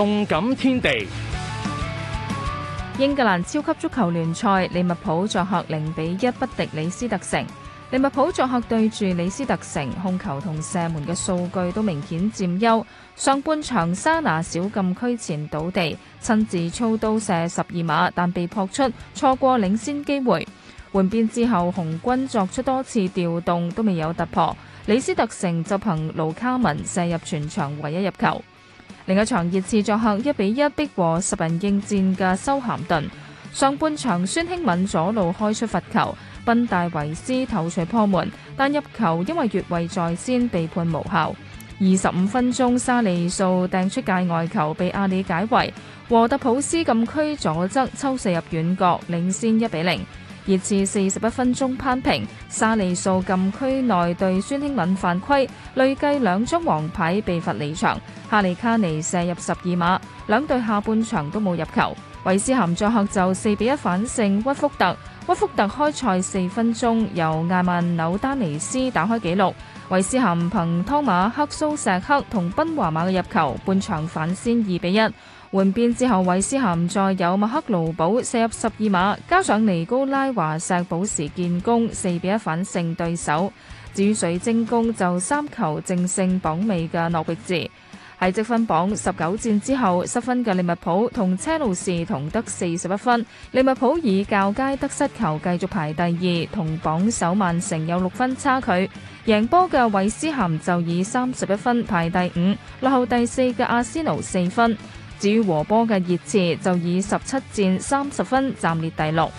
動感天地，英格蘭超級足球聯賽，利物浦作客零比一不敵李斯特城。利物浦作客對住李斯特城，控球同射門嘅數據都明顯佔優。上半場，沙拿小禁區前倒地，親自操刀射十二碼，但被撲出，錯過領先機會。換邊之後，紅軍作出多次調動，都未有突破。李斯特城就憑盧卡文射入全場唯一入球。另一場，熱刺作客一比一逼和十人應戰嘅修咸頓。上半場，孫興敏左路開出罰球，賓戴維斯頭槌破門，但入球因為越位在先被判無效。二十五分鐘，沙利素掟出界外球被阿里解圍，禾特普斯禁區左側抽射入遠角，領先一比零。熱刺四十一分鐘扳平，沙利素禁區內對孫興敏犯規，累計兩張黃牌被罰離場。哈利卡尼射入十二碼，兩隊下半場都冇入球。韋斯咸作客就四比一反勝屈福特。屈福特開賽四分鐘，由艾曼紐丹尼斯打開紀錄。韋斯咸憑湯馬克蘇錫克同賓華馬嘅入球，半場反先二比一。換邊之後，韋斯咸再有麥克勞寶射入十二碼，加上尼高拉華石寶時建功，四比一反勝對手。至於水晶宮就三球淨勝榜尾嘅諾域治。喺積 分榜十九戰之後失分嘅利物浦同車路士同得四十一分，利物浦以較佳得失球繼續排第二，同榜首曼城有六分差距。贏波嘅韋斯咸就以三十一分排第五，落後第四嘅阿仙奴四分。至於和波嘅熱刺就以十七戰三十分暫列第六。